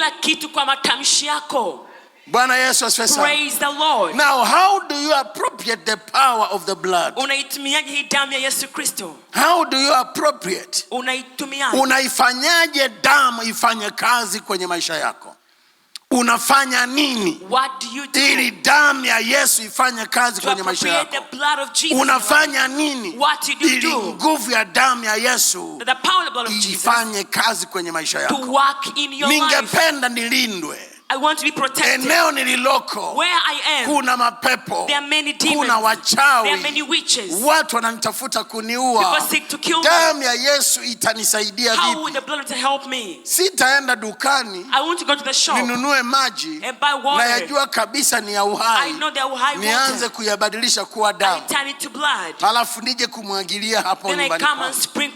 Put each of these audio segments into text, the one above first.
kila kitu kwa matamshi yako. Bwana Yesu asifiwe sana. Praise the Lord. Now how do you appropriate the power of the blood? Unaitumiaje hii damu ya Yesu Kristo? How do you appropriate? Unaitumiaje? Unaifanyaje damu ifanye kazi kwenye maisha yako? unafanya nini ili damu ya Yesu ifanye kazi kwenye maisha yako? Unafanya nini ili nguvu ya damu ya Yesu ifanye kazi kwenye maisha yako? Ningependa nilindwe I want to be protected. Eneo nililoko Where I am, kuna mapepo there are many demons, kuna wachawi there are many witches. Watu wananitafuta kuniua. Damu ya Yesu itanisaidia vipi? How the blood to help me? Sitaenda dukani I want to go to the shop, ninunue maji and buy water. kabisa ni ya uhai. I know Nianze kuyabadilisha kuwa damu. I Halafu nije kumwagilia hapo nyumbani. I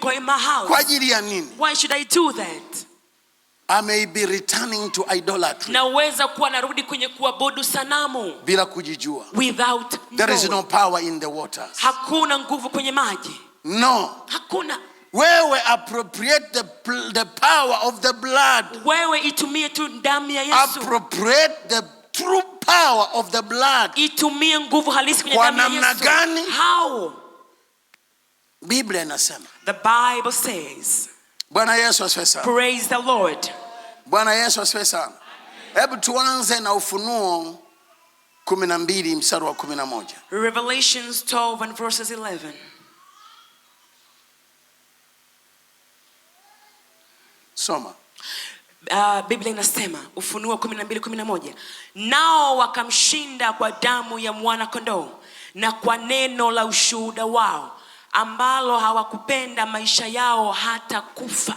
Kwa ajili ya nini? Why should I do that? I may be returning to idolatry. Naweza kuwa narudi kwenye kuabudu sanamu bila kujijua. Without There is no power in the waters. Hakuna nguvu kwenye maji. No. Hakuna. Wewe appropriate the, the power of the blood. Wewe itumie tu damu ya Yesu. Appropriate the true power of the blood. Itumie nguvu halisi kwenye damu ya Yesu. Kwa namna gani? How? Biblia inasema. The Bible says. Bwana Yesu asifiwe sana. Praise the Lord. Bwana Yesu asifiwe sana. Hebu tuanze na Ufunuo 12 mstari wa 11. Revelations 12 and verses 11. Soma. Uh, Biblia inasema Ufunuo 12:11, nao wakamshinda kwa damu ya mwana kondoo na kwa neno la ushuhuda wao ambalo hawakupenda maisha yao hata kufa.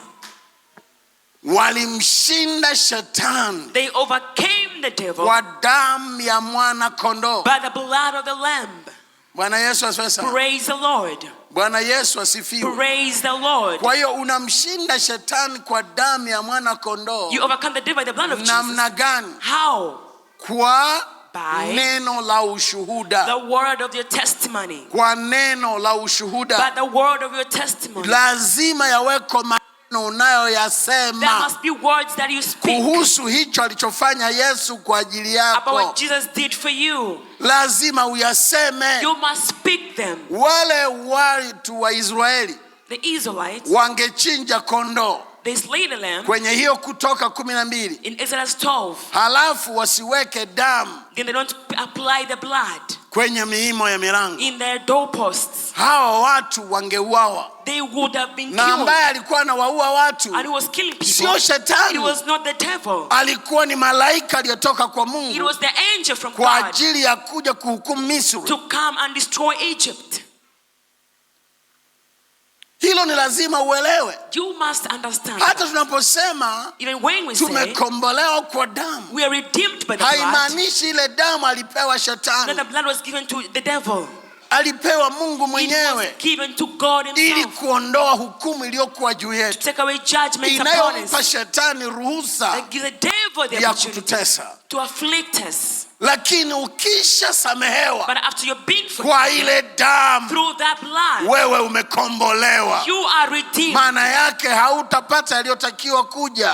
Walimshinda shetani they overcame the devil kwa damu ya mwana kondoo by the blood of the lamb. Bwana Yesu asifiwe sana. Praise the Lord. Bwana Yesu asifiwe. Praise the Lord. Kwa hiyo unamshinda shetani kwa damu ya mwana kondoo. You overcome the devil by the blood of Jesus. Namna gani? How? Kwa by neno la ushuhuda the word of your testimony kwa neno la ushuhuda by the word of your testimony lazima yaweko maneno unayoyasema There must be words that you speak kuhusu hicho alichofanya yesu kwa ajili yako about what Jesus did for you lazima uyaseme you must speak them wale watu wa israeli the israelites wangechinja kondoo this little lamb, kwenye hiyo Kutoka kumi na mbili in Exodus 12, halafu wasiweke damu then they don't apply the blood kwenye miimo ya milango in their doorposts. Hawa watu wangeuawa they would have been killed. na ambaye alikuwa anawaua watu and he was killing people, sio shetani, it was not the devil, alikuwa ni malaika aliyotoka kwa Mungu, it was the angel from God, kwa ajili ya kuja kuhukumu Misri, to come and destroy Egypt hilo ni lazima uelewe. You must understand. Hata tunaposema tumekombolewa kwa damu, haimaanishi ile damu alipewa shetani. The blood was given to the devil. Alipewa Mungu mwenyewe ili kuondoa hukumu iliyokuwa juu yetu inayompa shetani ruhusa ya kututesa lakini ukishasamehewa kwa ile damu wewe umekombolewa. Maana yake hautapata yaliyotakiwa kuja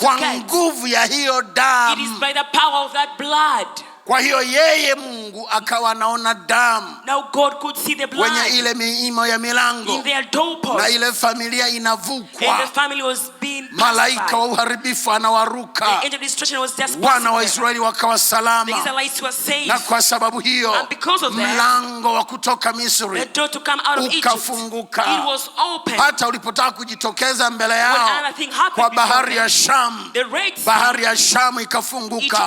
kwa nguvu ya hiyo damu. Kwa hiyo yeye Mungu akawa anaona damu kwenye ile miimo ya milango na ile familia inavukwa malaika wa uharibifu anawaruka, wana wa Israeli wakawa salama. Na kwa sababu hiyo mlango wa kutoka Misri ukafunguka, hata ulipotaka kujitokeza mbele yao kwa bahari ya Shamu, bahari ya Shamu ikafunguka.